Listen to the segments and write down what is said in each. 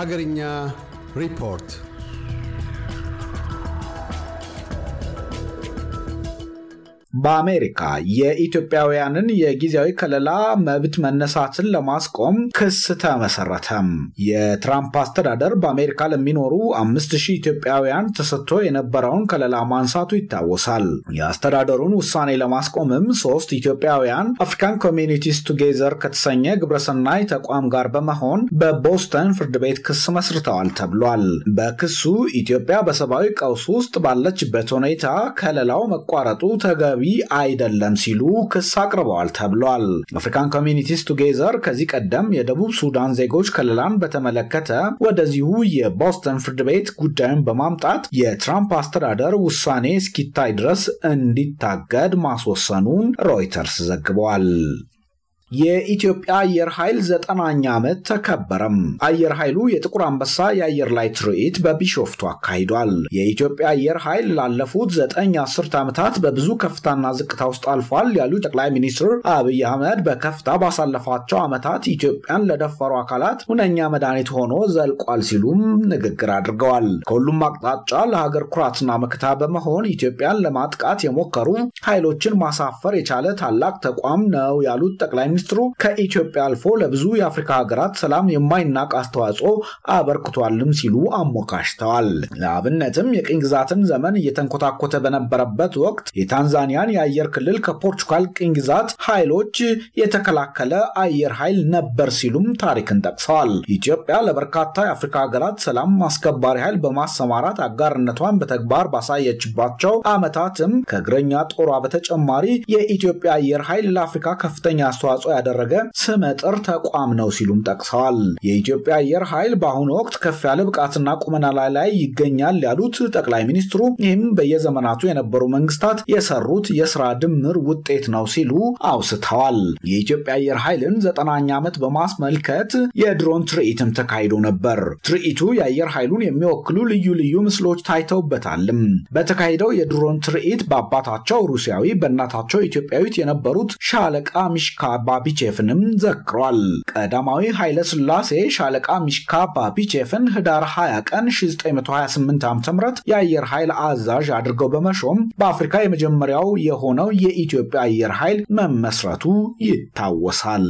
Hagerinya Report በአሜሪካ የኢትዮጵያውያንን የጊዜያዊ ከለላ መብት መነሳትን ለማስቆም ክስ ተመሰረተም። የትራምፕ አስተዳደር በአሜሪካ ለሚኖሩ አምስት ሺህ ኢትዮጵያውያን ተሰጥቶ የነበረውን ከለላ ማንሳቱ ይታወሳል። የአስተዳደሩን ውሳኔ ለማስቆምም ሶስት ኢትዮጵያውያን አፍሪካን ኮሚኒቲስ ቱጌዘር ከተሰኘ ግብረሰናይ ተቋም ጋር በመሆን በቦስተን ፍርድ ቤት ክስ መስርተዋል ተብሏል። በክሱ ኢትዮጵያ በሰብአዊ ቀውስ ውስጥ ባለችበት ሁኔታ ከለላው መቋረጡ ተገቢ አይደለም ሲሉ ክስ አቅርበዋል ተብሏል። አፍሪካን ኮሚኒቲስ ቱጌዘር ከዚህ ቀደም የደቡብ ሱዳን ዜጎች ከለላን በተመለከተ ወደዚሁ የቦስተን ፍርድ ቤት ጉዳዩን በማምጣት የትራምፕ አስተዳደር ውሳኔ እስኪታይ ድረስ እንዲታገድ ማስወሰኑን ሮይተርስ ዘግቧል። የኢትዮጵያ አየር ኃይል ዘጠናኛ ዓመት ተከበረም። አየር ኃይሉ የጥቁር አንበሳ የአየር ላይ ትርኢት በቢሾፍቱ አካሂዷል። የኢትዮጵያ አየር ኃይል ላለፉት ዘጠኝ አስርት ዓመታት በብዙ ከፍታና ዝቅታ ውስጥ አልፏል ያሉ ጠቅላይ ሚኒስትር አብይ አህመድ በከፍታ ባሳለፋቸው ዓመታት ኢትዮጵያን ለደፈሩ አካላት ሁነኛ መድኃኒት ሆኖ ዘልቋል ሲሉም ንግግር አድርገዋል። ከሁሉም አቅጣጫ ለሀገር ኩራትና መክታ በመሆን ኢትዮጵያን ለማጥቃት የሞከሩ ኃይሎችን ማሳፈር የቻለ ታላቅ ተቋም ነው ያሉት ጠቅላይ ሚኒስትሩ ከኢትዮጵያ አልፎ ለብዙ የአፍሪካ ሀገራት ሰላም የማይናቅ አስተዋጽኦ አበርክቷልም ሲሉ አሞካሽተዋል። ለአብነትም የቅኝ ግዛትን ዘመን እየተንኮታኮተ በነበረበት ወቅት የታንዛኒያን የአየር ክልል ከፖርቹጋል ቅኝ ግዛት ኃይሎች የተከላከለ አየር ኃይል ነበር ሲሉም ታሪክን ጠቅሰዋል። ኢትዮጵያ ለበርካታ የአፍሪካ ሀገራት ሰላም አስከባሪ ኃይል በማሰማራት አጋርነቷን በተግባር ባሳየችባቸው ዓመታትም ከእግረኛ ጦሯ በተጨማሪ የኢትዮጵያ አየር ኃይል ለአፍሪካ ከፍተኛ አስተዋጽኦ አስተዋጽኦ ያደረገ ስመጥር ተቋም ነው ሲሉም ጠቅሰዋል። የኢትዮጵያ አየር ኃይል በአሁኑ ወቅት ከፍ ያለ ብቃትና ቁመና ላይ ላይ ይገኛል ያሉት ጠቅላይ ሚኒስትሩ ይህም በየዘመናቱ የነበሩ መንግስታት የሰሩት የስራ ድምር ውጤት ነው ሲሉ አውስተዋል። የኢትዮጵያ አየር ኃይልን ዘጠናኛ ዓመት በማስመልከት የድሮን ትርኢትም ተካሂዶ ነበር። ትርኢቱ የአየር ኃይሉን የሚወክሉ ልዩ ልዩ ምስሎች ታይተውበታልም። በተካሄደው የድሮን ትርኢት በአባታቸው ሩሲያዊ በእናታቸው ኢትዮጵያዊት የነበሩት ሻለቃ ሚሽካ ባቢቼፍንም ዘክሯል። ቀዳማዊ ኃይለ ስላሴ ሻለቃ ሚሽካ ባቢቼፍን ህዳር 20 ቀን 1928 ዓ ም የአየር ኃይል አዛዥ አድርገው በመሾም በአፍሪካ የመጀመሪያው የሆነው የኢትዮጵያ አየር ኃይል መመስረቱ ይታወሳል።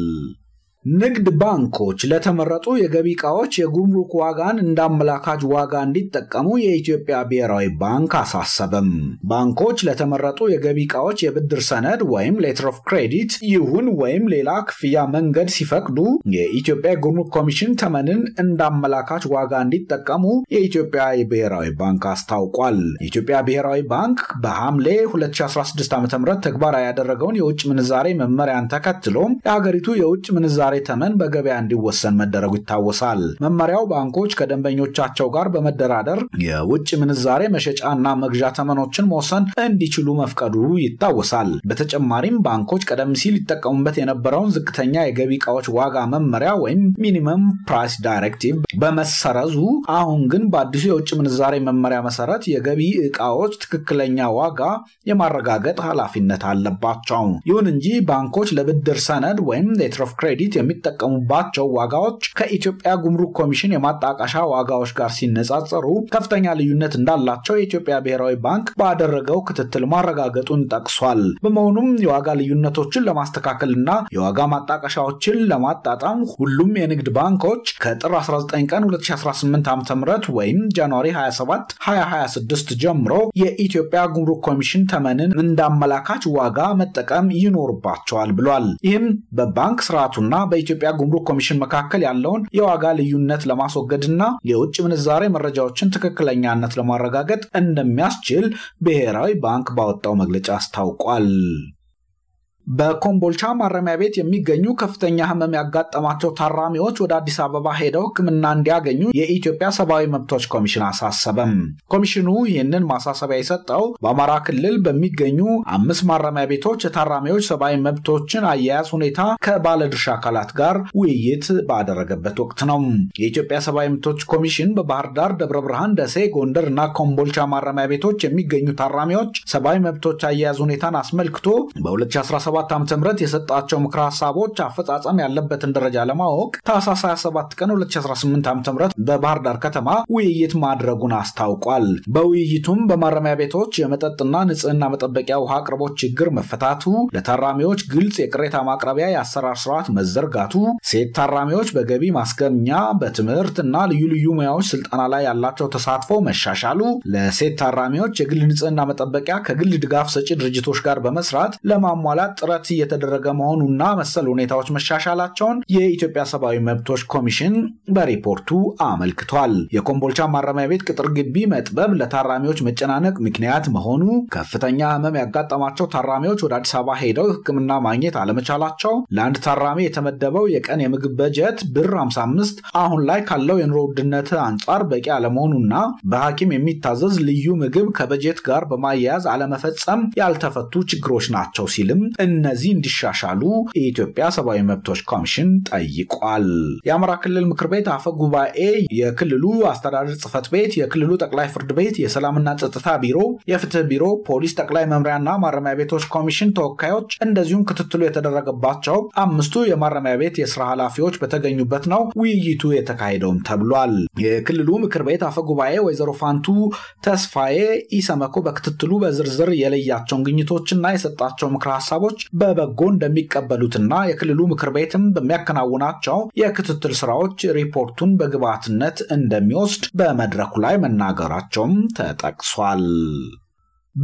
ንግድ ባንኮች ለተመረጡ የገቢ እቃዎች የጉምሩክ ዋጋን እንደ አመላካች ዋጋ እንዲጠቀሙ የኢትዮጵያ ብሔራዊ ባንክ አሳሰበም። ባንኮች ለተመረጡ የገቢ እቃዎች የብድር ሰነድ ወይም ሌተር ኦፍ ክሬዲት ይሁን ወይም ሌላ ክፍያ መንገድ ሲፈቅዱ የኢትዮጵያ የጉምሩክ ኮሚሽን ተመንን እንደ አመላካች ዋጋ እንዲጠቀሙ የኢትዮጵያ ብሔራዊ ባንክ አስታውቋል። የኢትዮጵያ ብሔራዊ ባንክ በሐምሌ 2016 ዓ ም ተግባራዊ ያደረገውን የውጭ ምንዛሬ መመሪያን ተከትሎም የሀገሪቱ የውጭ ምንዛ የምንዛሬ ተመን በገበያ እንዲወሰን መደረጉ ይታወሳል። መመሪያው ባንኮች ከደንበኞቻቸው ጋር በመደራደር የውጭ ምንዛሬ መሸጫና መግዣ ተመኖችን መወሰን እንዲችሉ መፍቀዱ ይታወሳል። በተጨማሪም ባንኮች ቀደም ሲል ይጠቀሙበት የነበረውን ዝቅተኛ የገቢ እቃዎች ዋጋ መመሪያ ወይም ሚኒመም ፕራይስ ዳይሬክቲቭ በመሰረዙ አሁን ግን በአዲሱ የውጭ ምንዛሬ መመሪያ መሰረት የገቢ እቃዎች ትክክለኛ ዋጋ የማረጋገጥ ኃላፊነት አለባቸው። ይሁን እንጂ ባንኮች ለብድር ሰነድ ወይም ሌትር ኦፍ ክሬዲት የሚጠቀሙባቸው ዋጋዎች ከኢትዮጵያ ጉምሩክ ኮሚሽን የማጣቀሻ ዋጋዎች ጋር ሲነጻጸሩ ከፍተኛ ልዩነት እንዳላቸው የኢትዮጵያ ብሔራዊ ባንክ ባደረገው ክትትል ማረጋገጡን ጠቅሷል። በመሆኑም የዋጋ ልዩነቶችን ለማስተካከልና የዋጋ ማጣቀሻዎችን ለማጣጣም ሁሉም የንግድ ባንኮች ከጥር 19 ቀን 2018 ዓ.ም ወይም ጃንዋሪ 27 2026 ጀምሮ የኢትዮጵያ ጉምሩክ ኮሚሽን ተመንን እንዳመላካች ዋጋ መጠቀም ይኖርባቸዋል ብሏል። ይህም በባንክ ስርዓቱና በኢትዮጵያ ጉምሩክ ኮሚሽን መካከል ያለውን የዋጋ ልዩነት ለማስወገድና የውጭ ምንዛሬ መረጃዎችን ትክክለኛነት ለማረጋገጥ እንደሚያስችል ብሔራዊ ባንክ ባወጣው መግለጫ አስታውቋል። በኮምቦልቻ ማረሚያ ቤት የሚገኙ ከፍተኛ ህመም ያጋጠማቸው ታራሚዎች ወደ አዲስ አበባ ሄደው ሕክምና እንዲያገኙ የኢትዮጵያ ሰብአዊ መብቶች ኮሚሽን አሳሰበም። ኮሚሽኑ ይህንን ማሳሰቢያ የሰጠው በአማራ ክልል በሚገኙ አምስት ማረሚያ ቤቶች የታራሚዎች ሰብአዊ መብቶችን አያያዝ ሁኔታ ከባለድርሻ አካላት ጋር ውይይት ባደረገበት ወቅት ነው። የኢትዮጵያ ሰብአዊ መብቶች ኮሚሽን በባህር ዳር፣ ደብረ ብርሃን፣ ደሴ፣ ጎንደር እና ኮምቦልቻ ማረሚያ ቤቶች የሚገኙ ታራሚዎች ሰብአዊ መብቶች አያያዝ ሁኔታን አስመልክቶ በ2017 2017 ዓ ም የሰጣቸው ምክረ ሀሳቦች አፈጻጸም ያለበትን ደረጃ ለማወቅ ታህሳስ 27 ቀን 2018 ዓ ም በባህር ዳር ከተማ ውይይት ማድረጉን አስታውቋል። በውይይቱም በማረሚያ ቤቶች የመጠጥና ንጽህና መጠበቂያ ውሃ አቅርቦት ችግር መፈታቱ፣ ለታራሚዎች ግልጽ የቅሬታ ማቅረቢያ የአሰራር ስርዓት መዘርጋቱ፣ ሴት ታራሚዎች በገቢ ማስገኛ በትምህርት እና ልዩ ልዩ ሙያዎች ስልጠና ላይ ያላቸው ተሳትፎ መሻሻሉ፣ ለሴት ታራሚዎች የግል ንጽህና መጠበቂያ ከግል ድጋፍ ሰጪ ድርጅቶች ጋር በመስራት ለማሟላት ጥረት እየተደረገ መሆኑና መሰል ሁኔታዎች መሻሻላቸውን የኢትዮጵያ ሰብአዊ መብቶች ኮሚሽን በሪፖርቱ አመልክቷል። የኮምቦልቻ ማረሚያ ቤት ቅጥር ግቢ መጥበብ ለታራሚዎች መጨናነቅ ምክንያት መሆኑ፣ ከፍተኛ ህመም ያጋጠማቸው ታራሚዎች ወደ አዲስ አበባ ሄደው ሕክምና ማግኘት አለመቻላቸው፣ ለአንድ ታራሚ የተመደበው የቀን የምግብ በጀት ብር 55 አሁን ላይ ካለው የኑሮ ውድነት አንጻር በቂ አለመሆኑና በሐኪም የሚታዘዝ ልዩ ምግብ ከበጀት ጋር በማያያዝ አለመፈጸም ያልተፈቱ ችግሮች ናቸው ሲልም እነዚህ እንዲሻሻሉ የኢትዮጵያ ሰብአዊ መብቶች ኮሚሽን ጠይቋል። የአማራ ክልል ምክር ቤት አፈ ጉባኤ፣ የክልሉ አስተዳደር ጽህፈት ቤት፣ የክልሉ ጠቅላይ ፍርድ ቤት፣ የሰላምና ጸጥታ ቢሮ፣ የፍትህ ቢሮ፣ ፖሊስ ጠቅላይ መምሪያና ማረሚያ ቤቶች ኮሚሽን ተወካዮች እንደዚሁም ክትትሉ የተደረገባቸው አምስቱ የማረሚያ ቤት የስራ ኃላፊዎች በተገኙበት ነው ውይይቱ የተካሄደውም ተብሏል። የክልሉ ምክር ቤት አፈ ጉባኤ ወይዘሮ ፋንቱ ተስፋዬ ኢሰመኮ በክትትሉ በዝርዝር የለያቸውን ግኝቶችና የሰጣቸው ምክረ ሀሳቦች ኃላፊዎች በበጎ እንደሚቀበሉትና የክልሉ ምክር ቤትም በሚያከናውናቸው የክትትል ስራዎች ሪፖርቱን በግብዓትነት እንደሚወስድ በመድረኩ ላይ መናገራቸውም ተጠቅሷል።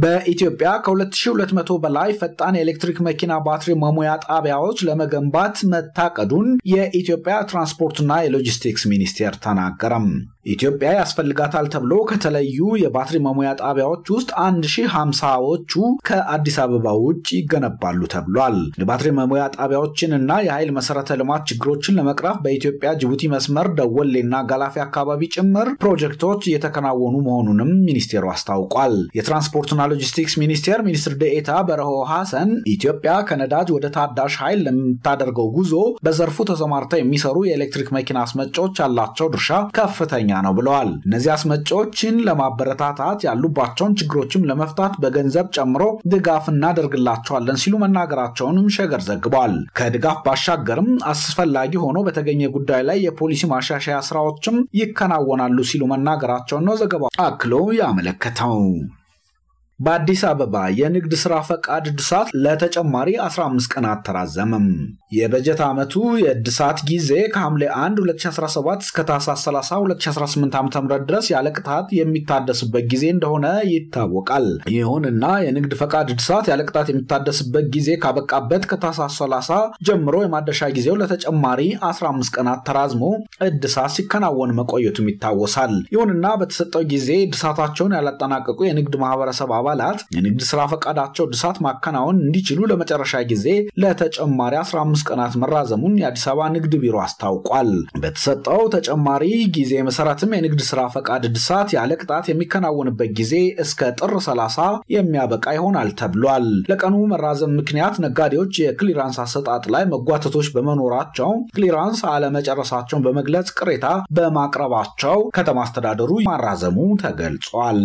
በኢትዮጵያ ከ2200 በላይ ፈጣን የኤሌክትሪክ መኪና ባትሪ መሙያ ጣቢያዎች ለመገንባት መታቀዱን የኢትዮጵያ ትራንስፖርትና የሎጂስቲክስ ሚኒስቴር ተናገረም። ኢትዮጵያ ያስፈልጋታል ተብሎ ከተለዩ የባትሪ መሙያ ጣቢያዎች ውስጥ 1050ዎቹ ከአዲስ አበባ ውጭ ይገነባሉ ተብሏል። የባትሪ መሙያ ጣቢያዎችን እና የኃይል መሰረተ ልማት ችግሮችን ለመቅረፍ በኢትዮጵያ ጅቡቲ መስመር ደወሌና ጋላፊ አካባቢ ጭምር ፕሮጀክቶች እየተከናወኑ መሆኑንም ሚኒስቴሩ አስታውቋል። የትራንስፖርትና ሎጂስቲክስ ሚኒስቴር ሚኒስትር ደኤታ በረሆ ሐሰን ኢትዮጵያ ከነዳጅ ወደ ታዳሽ ኃይል ለምታደርገው ጉዞ በዘርፉ ተሰማርተው የሚሰሩ የኤሌክትሪክ መኪና አስመጪዎች ያላቸው ድርሻ ከፍተኛ ነው ብለዋል። እነዚህ አስመጪዎችን ለማበረታታት ያሉባቸውን ችግሮችም ለመፍታት በገንዘብ ጨምሮ ድጋፍ እናደርግላቸዋለን ሲሉ መናገራቸውንም ሸገር ዘግቧል። ከድጋፍ ባሻገርም አስፈላጊ ሆኖ በተገኘ ጉዳይ ላይ የፖሊሲ ማሻሻያ ስራዎችም ይከናወናሉ ሲሉ መናገራቸውን ነው ዘገባው አክሎ ያመለከተው። በአዲስ አበባ የንግድ ስራ ፈቃድ እድሳት ለተጨማሪ 15 ቀናት ተራዘመም። የበጀት ዓመቱ የእድሳት ጊዜ ከሐምሌ 1 2017 እስከ ታህሳስ 30 2018 ዓ.ም ድረስ ያለ ቅጣት የሚታደስበት ጊዜ እንደሆነ ይታወቃል። ይሁንና የንግድ ፈቃድ እድሳት ያለ ቅጣት የሚታደስበት ጊዜ ካበቃበት ከታህሳስ 30 ጀምሮ የማደሻ ጊዜው ለተጨማሪ 15 ቀናት ተራዝሞ እድሳት ሲከናወን መቆየቱም ይታወሳል። ይሁንና በተሰጠው ጊዜ እድሳታቸውን ያላጠናቀቁ የንግድ ማህበረሰብ አባላት የንግድ ስራ ፈቃዳቸው እድሳት ማከናወን እንዲችሉ ለመጨረሻ ጊዜ ለተጨማሪ 15 አምስት ቀናት መራዘሙን የአዲስ አበባ ንግድ ቢሮ አስታውቋል። በተሰጠው ተጨማሪ ጊዜ መሰረትም የንግድ ስራ ፈቃድ እድሳት ያለ ቅጣት የሚከናወንበት ጊዜ እስከ ጥር 30 የሚያበቃ ይሆናል ተብሏል። ለቀኑ መራዘም ምክንያት ነጋዴዎች የክሊራንስ አሰጣጥ ላይ መጓተቶች በመኖራቸው ክሊራንስ አለመጨረሳቸውን በመግለጽ ቅሬታ በማቅረባቸው ከተማ አስተዳደሩ ማራዘሙ ተገልጿል።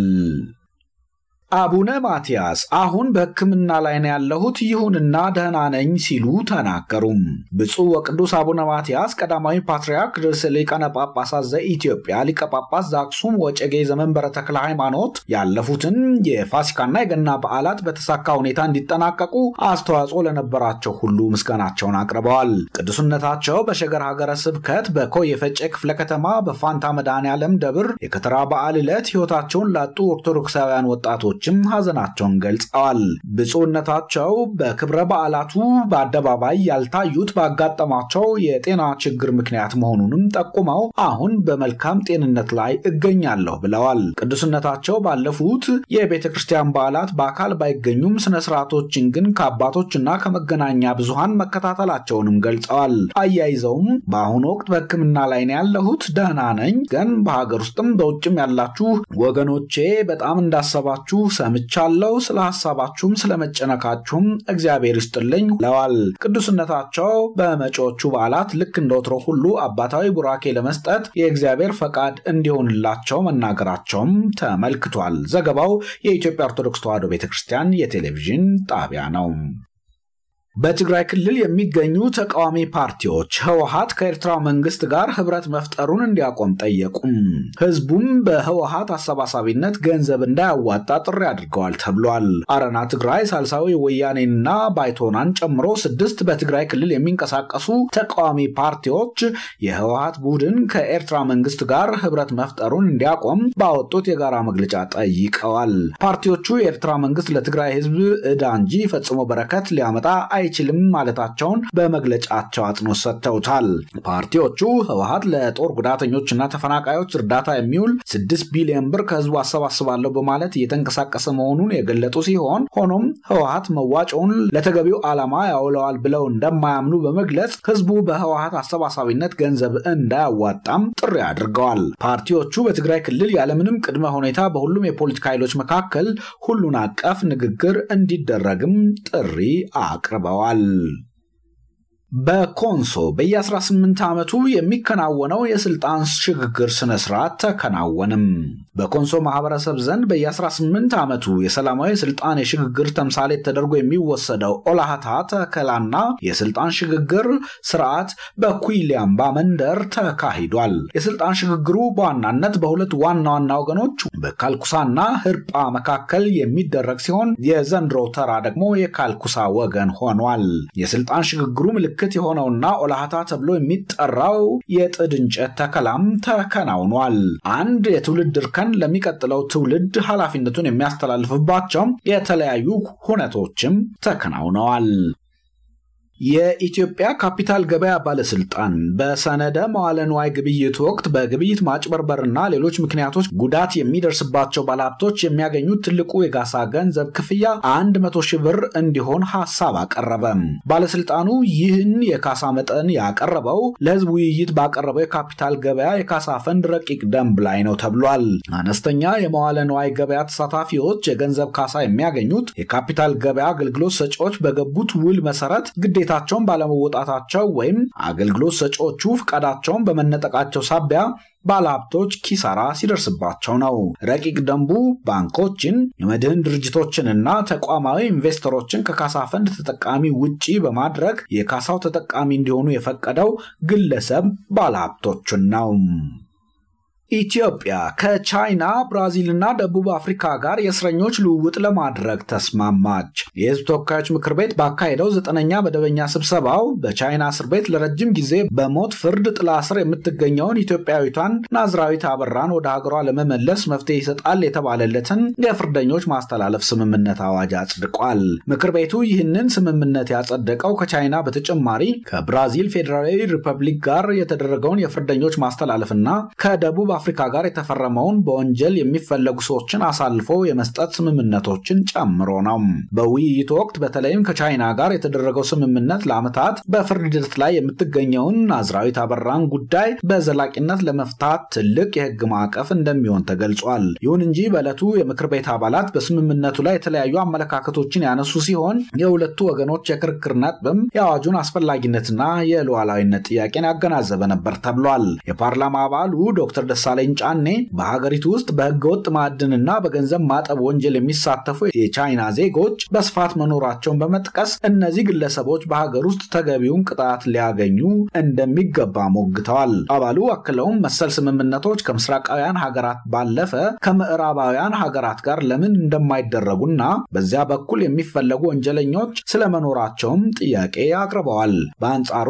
አቡነ ማትያስ አሁን በሕክምና ላይ ነው ያለሁት፣ ይሁንና ደህና ነኝ ሲሉ ተናገሩም። ብፁዕ ወቅዱስ አቡነ ማትያስ ቀዳማዊ ፓትርያርክ ርዕሰ ሊቃነ ጳጳሳት ዘኢትዮጵያ ሊቀ ጳጳስ ዘአክሱም ወጨጌ ዘመንበረ ተክለ ሃይማኖት ያለፉትን የፋሲካና የገና በዓላት በተሳካ ሁኔታ እንዲጠናቀቁ አስተዋጽኦ ለነበራቸው ሁሉ ምስጋናቸውን አቅርበዋል። ቅዱስነታቸው በሸገር ሀገረ ስብከት በኮ የፈጨ ክፍለ ከተማ በፋንታ መድኃኔ ዓለም ደብር የከተራ በዓል ዕለት ሕይወታቸውን ላጡ ኦርቶዶክሳውያን ወጣቶች ወላጆችም ሀዘናቸውን ገልጸዋል። ብፁዕነታቸው በክብረ በዓላቱ በአደባባይ ያልታዩት ባጋጠማቸው የጤና ችግር ምክንያት መሆኑንም ጠቁመው አሁን በመልካም ጤንነት ላይ እገኛለሁ ብለዋል። ቅዱስነታቸው ባለፉት የቤተ ክርስቲያን በዓላት በአካል ባይገኙም ስነ ስርዓቶችን ግን ከአባቶችና ከመገናኛ ብዙሃን መከታተላቸውንም ገልጸዋል። አያይዘውም በአሁኑ ወቅት በሕክምና ላይ ነው ያለሁት፣ ደህና ነኝ። ግን በሀገር ውስጥም በውጭም ያላችሁ ወገኖቼ በጣም እንዳሰባችሁ ሰምቻለሁ፣ ስለ ሀሳባችሁም ስለ መጨነቃችሁም እግዚአብሔር ይስጥልኝ ብለዋል። ቅዱስነታቸው በመጪዎቹ በዓላት ልክ እንደ ወትሮ ሁሉ አባታዊ ቡራኬ ለመስጠት የእግዚአብሔር ፈቃድ እንዲሆንላቸው መናገራቸውም ተመልክቷል። ዘገባው የኢትዮጵያ ኦርቶዶክስ ተዋሕዶ ቤተ ክርስቲያን የቴሌቪዥን ጣቢያ ነው። በትግራይ ክልል የሚገኙ ተቃዋሚ ፓርቲዎች ህወሀት ከኤርትራ መንግስት ጋር ህብረት መፍጠሩን እንዲያቆም ጠየቁም። ህዝቡም በህወሀት አሰባሳቢነት ገንዘብ እንዳያዋጣ ጥሪ አድርገዋል ተብሏል። አረና ትግራይ፣ ሳልሳዊ ወያኔና ባይቶናን ጨምሮ ስድስት በትግራይ ክልል የሚንቀሳቀሱ ተቃዋሚ ፓርቲዎች የህወሀት ቡድን ከኤርትራ መንግስት ጋር ህብረት መፍጠሩን እንዲያቆም ባወጡት የጋራ መግለጫ ጠይቀዋል። ፓርቲዎቹ የኤርትራ መንግስት ለትግራይ ህዝብ እዳ እንጂ ፈጽሞ በረከት ሊያመጣ አይ አይችልም ማለታቸውን በመግለጫቸው አጽንኦት ሰጥተውታል። ፓርቲዎቹ ህወሀት ለጦር ጉዳተኞች እና ተፈናቃዮች እርዳታ የሚውል ስድስት ቢሊዮን ብር ከህዝቡ አሰባስባለሁ በማለት እየተንቀሳቀሰ መሆኑን የገለጡ ሲሆን ሆኖም ህወሀት መዋጮውን ለተገቢው ዓላማ ያውለዋል ብለው እንደማያምኑ በመግለጽ ህዝቡ በህወሀት አሰባሳቢነት ገንዘብ እንዳያዋጣም ጥሪ አድርገዋል። ፓርቲዎቹ በትግራይ ክልል ያለምንም ቅድመ ሁኔታ በሁሉም የፖለቲካ ኃይሎች መካከል ሁሉን አቀፍ ንግግር እንዲደረግም ጥሪ አቅርበዋል። ጀምረዋል። በኮንሶ በየ18 ዓመቱ የሚከናወነው የስልጣን ሽግግር ስነ ስርዓት ተከናወንም። በኮንሶ ማህበረሰብ ዘንድ በየ18 ዓመቱ የሰላማዊ ስልጣን የሽግግር ተምሳሌት ተደርጎ የሚወሰደው ኦላሃታ ተከላና የስልጣን ሽግግር ስርዓት በኩይሊያምባ መንደር ተካሂዷል። የስልጣን ሽግግሩ በዋናነት በሁለት ዋና ዋና ወገኖች በካልኩሳና ህርጳ መካከል የሚደረግ ሲሆን የዘንድሮ ተራ ደግሞ የካልኩሳ ወገን ሆኗል። የስልጣን ሽግግሩ ምልክት የሆነውና ኦላሃታ ተብሎ የሚጠራው የጥድ እንጨት ተከላም ተከናውኗል። አንድ የትውልድ እርከን አሜሪካን ለሚቀጥለው ትውልድ ኃላፊነቱን የሚያስተላልፍባቸው የተለያዩ ሁነቶችም ተከናውነዋል። የኢትዮጵያ ካፒታል ገበያ ባለስልጣን በሰነደ መዋለንዋይ ግብይት ወቅት በግብይት ማጭበርበርና ሌሎች ምክንያቶች ጉዳት የሚደርስባቸው ባለሀብቶች የሚያገኙት ትልቁ የጋሳ ገንዘብ ክፍያ አንድ መቶ ሺህ ብር እንዲሆን ሀሳብ አቀረበ። ባለስልጣኑ ይህን የካሳ መጠን ያቀረበው ለህዝብ ውይይት ባቀረበው የካፒታል ገበያ የካሳ ፈንድ ረቂቅ ደንብ ላይ ነው ተብሏል። አነስተኛ የመዋለንዋይ ገበያ ተሳታፊዎች የገንዘብ ካሳ የሚያገኙት የካፒታል ገበያ አገልግሎት ሰጪዎች በገቡት ውል መሰረት ግዴታ ግዴታቸውን ባለመወጣታቸው ወይም አገልግሎት ሰጪዎቹ ፍቃዳቸውን በመነጠቃቸው ሳቢያ ባለሀብቶች ኪሳራ ሲደርስባቸው ነው። ረቂቅ ደንቡ ባንኮችን፣ የመድህን ድርጅቶችንና ተቋማዊ ኢንቨስተሮችን ከካሳ ፈንድ ተጠቃሚ ውጪ በማድረግ የካሳው ተጠቃሚ እንዲሆኑ የፈቀደው ግለሰብ ባለሀብቶችን ነው። ኢትዮጵያ ከቻይና ብራዚልና ደቡብ አፍሪካ ጋር የእስረኞች ልውውጥ ለማድረግ ተስማማች። የህዝብ ተወካዮች ምክር ቤት ባካሄደው ዘጠነኛ መደበኛ ስብሰባው በቻይና እስር ቤት ለረጅም ጊዜ በሞት ፍርድ ጥላ ስር የምትገኘውን ኢትዮጵያዊቷን ናዝራዊት አበራን ወደ ሀገሯ ለመመለስ መፍትሄ ይሰጣል የተባለለትን የፍርደኞች ማስተላለፍ ስምምነት አዋጅ አጽድቋል። ምክር ቤቱ ይህንን ስምምነት ያጸደቀው ከቻይና በተጨማሪ ከብራዚል ፌዴራላዊ ሪፐብሊክ ጋር የተደረገውን የፍርደኞች ማስተላለፍና ከደቡብ ከአፍሪካ ጋር የተፈረመውን በወንጀል የሚፈለጉ ሰዎችን አሳልፎ የመስጠት ስምምነቶችን ጨምሮ ነው። በውይይቱ ወቅት በተለይም ከቻይና ጋር የተደረገው ስምምነት ለዓመታት በፍርድ ሂደት ላይ የምትገኘውን አዝራዊት አበራን ጉዳይ በዘላቂነት ለመፍታት ትልቅ የህግ ማዕቀፍ እንደሚሆን ተገልጿል። ይሁን እንጂ በዕለቱ የምክር ቤት አባላት በስምምነቱ ላይ የተለያዩ አመለካከቶችን ያነሱ ሲሆን የሁለቱ ወገኖች የክርክር ነጥብም የአዋጁን አስፈላጊነትና የሉዓላዊነት ጥያቄን ያገናዘበ ነበር ተብሏል። የፓርላማ አባሉ ዶክተር ደስ ደሳለኝ ጫኔ በሀገሪቱ ውስጥ በህገወጥ ማዕድንና በገንዘብ ማጠብ ወንጀል የሚሳተፉ የቻይና ዜጎች በስፋት መኖራቸውን በመጥቀስ እነዚህ ግለሰቦች በሀገር ውስጥ ተገቢውን ቅጣት ሊያገኙ እንደሚገባ ሞግተዋል። አባሉ አክለውም መሰል ስምምነቶች ከምስራቃውያን ሀገራት ባለፈ ከምዕራባውያን ሀገራት ጋር ለምን እንደማይደረጉና በዚያ በኩል የሚፈለጉ ወንጀለኞች ስለመኖራቸውም ጥያቄ አቅርበዋል። በአንጻሩ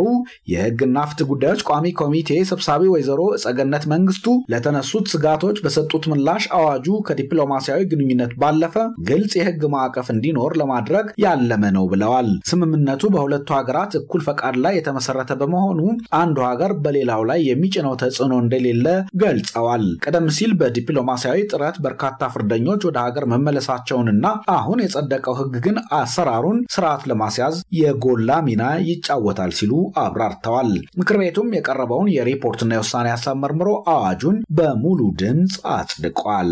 የህግና ፍትህ ጉዳዮች ቋሚ ኮሚቴ ሰብሳቢ ወይዘሮ እጸገነት መንግስቱ ለተነሱት ስጋቶች በሰጡት ምላሽ አዋጁ ከዲፕሎማሲያዊ ግንኙነት ባለፈ ግልጽ የህግ ማዕቀፍ እንዲኖር ለማድረግ ያለመ ነው ብለዋል። ስምምነቱ በሁለቱ ሀገራት እኩል ፈቃድ ላይ የተመሰረተ በመሆኑ አንዱ ሀገር በሌላው ላይ የሚጭነው ተጽዕኖ እንደሌለ ገልጸዋል። ቀደም ሲል በዲፕሎማሲያዊ ጥረት በርካታ ፍርደኞች ወደ ሀገር መመለሳቸውንና አሁን የጸደቀው ህግ ግን አሰራሩን ስርዓት ለማስያዝ የጎላ ሚና ይጫወታል ሲሉ አብራርተዋል። ምክር ቤቱም የቀረበውን የሪፖርትና የውሳኔ ሀሳብ መርምሮ አዋጁን መሰረዙን በሙሉ ድምፅ አጽድቋል።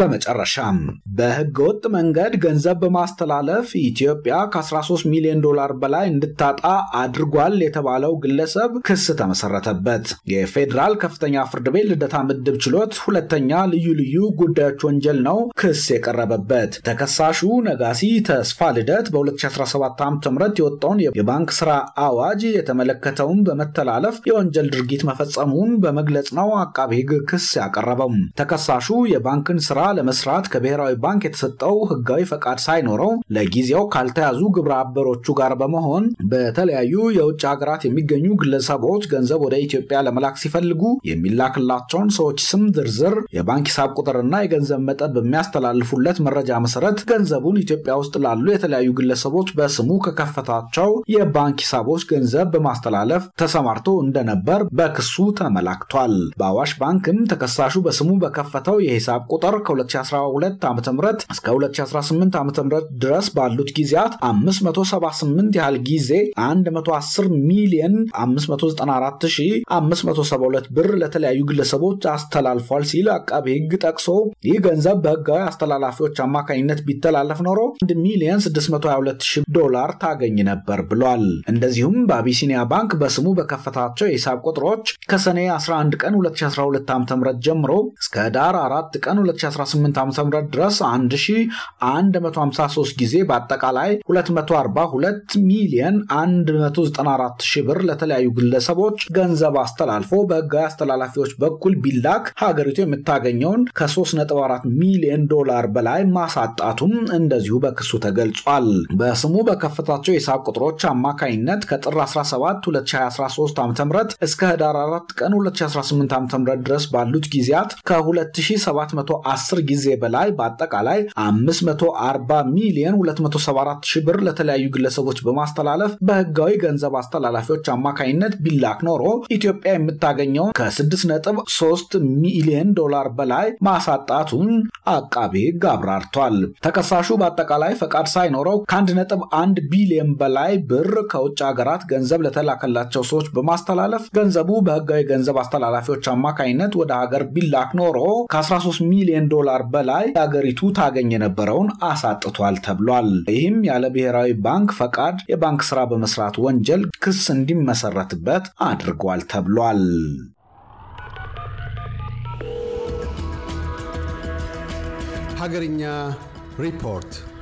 በመጨረሻም በህገወጥ መንገድ ገንዘብ በማስተላለፍ ኢትዮጵያ ከ13 ሚሊዮን ዶላር በላይ እንድታጣ አድርጓል የተባለው ግለሰብ ክስ ተመሰረተበት። የፌዴራል ከፍተኛ ፍርድ ቤት ልደታ ምድብ ችሎት ሁለተኛ ልዩ ልዩ ጉዳዮች ወንጀል ነው ክስ የቀረበበት። ተከሳሹ ነጋሲ ተስፋ ልደት በ2017 ዓ.ም የወጣውን የባንክ ስራ አዋጅ የተመለከተውን በመተላለፍ የወንጀል ድርጊት መፈጸሙን በመግለጽ ነው አቃቤ ህግ ክስ ያቀረበው። ተከሳሹ የባንክን ስራ ለመስራት ከብሔራዊ ባንክ የተሰጠው ህጋዊ ፈቃድ ሳይኖረው ለጊዜው ካልተያዙ ግብረ አበሮቹ ጋር በመሆን በተለያዩ የውጭ ሀገራት የሚገኙ ግለሰቦች ገንዘብ ወደ ኢትዮጵያ ለመላክ ሲፈልጉ የሚላክላቸውን ሰዎች ስም ዝርዝር፣ የባንክ ሂሳብ ቁጥርና የገንዘብ መጠን በሚያስተላልፉለት መረጃ መሰረት ገንዘቡን ኢትዮጵያ ውስጥ ላሉ የተለያዩ ግለሰቦች በስሙ ከከፈታቸው የባንክ ሂሳቦች ገንዘብ በማስተላለፍ ተሰማርቶ እንደነበር በክሱ ተመላክቷል። በአዋሽ ባንክም ተከሳሹ በስሙ በከፈተው የሂሳብ ቁጥር ከ2012 ዓ ም እስከ 2018 ዓ ም ድረስ ባሉት ጊዜያት 578 ያህል ጊዜ 110 ሚሊዮን 594572 ብር ለተለያዩ ግለሰቦች አስተላልፏል ሲል አቃቤ ሕግ ጠቅሶ ይህ ገንዘብ በህጋዊ አስተላላፊዎች አማካኝነት ቢተላለፍ ኖሮ 1 ሚሊዮን 622 ዶላር ታገኝ ነበር ብሏል። እንደዚሁም በአቢሲኒያ ባንክ በስሙ በከፈታቸው የሂሳብ ቁጥሮች ከሰኔ 11 ቀን 2012 ዓ ም ጀምሮ እስከ ዳር 4 ቀን 20 2018 ዓ ም ድረስ 1153 ጊዜ በአጠቃላይ 242 ሚሊዮን 194 ሺህ ብር ለተለያዩ ግለሰቦች ገንዘብ አስተላልፎ በህጋዊ አስተላላፊዎች በኩል ቢላክ ሀገሪቱ የምታገኘውን ከ3.4 ሚሊዮን ዶላር በላይ ማሳጣቱም እንደዚሁ በክሱ ተገልጿል። በስሙ በከፈታቸው የሂሳብ ቁጥሮች አማካኝነት ከጥር 17 2013 ዓ ም እስከ ህዳር 4 ቀን 2018 ዓ ም ድረስ ባሉት ጊዜያት ከ2710 ከአስር ጊዜ በላይ በአጠቃላይ 540 ሚሊዮን 274 ሺህ ብር ለተለያዩ ግለሰቦች በማስተላለፍ በህጋዊ ገንዘብ አስተላላፊዎች አማካኝነት ቢላክ ኖሮ ኢትዮጵያ የምታገኘውን ከ 6 3 ሚሊዮን ዶላር በላይ ማሳጣቱን አቃቤ ህግ አብራርቷል። ተከሳሹ በአጠቃላይ ፈቃድ ሳይኖረው ከ1.1 ቢሊዮን በላይ ብር ከውጭ ሀገራት ገንዘብ ለተላከላቸው ሰዎች በማስተላለፍ ገንዘቡ በህጋዊ ገንዘብ አስተላላፊዎች አማካኝነት ወደ ሀገር ቢላክ ኖሮ ከ13 ሚሊዮን ዶላር በላይ ሀገሪቱ ታገኝ የነበረውን አሳጥቷል ተብሏል። ይህም ያለ ብሔራዊ ባንክ ፈቃድ የባንክ ስራ በመስራት ወንጀል ክስ እንዲመሰረትበት አድርጓል ተብሏል። ሀገርኛ ሪፖርት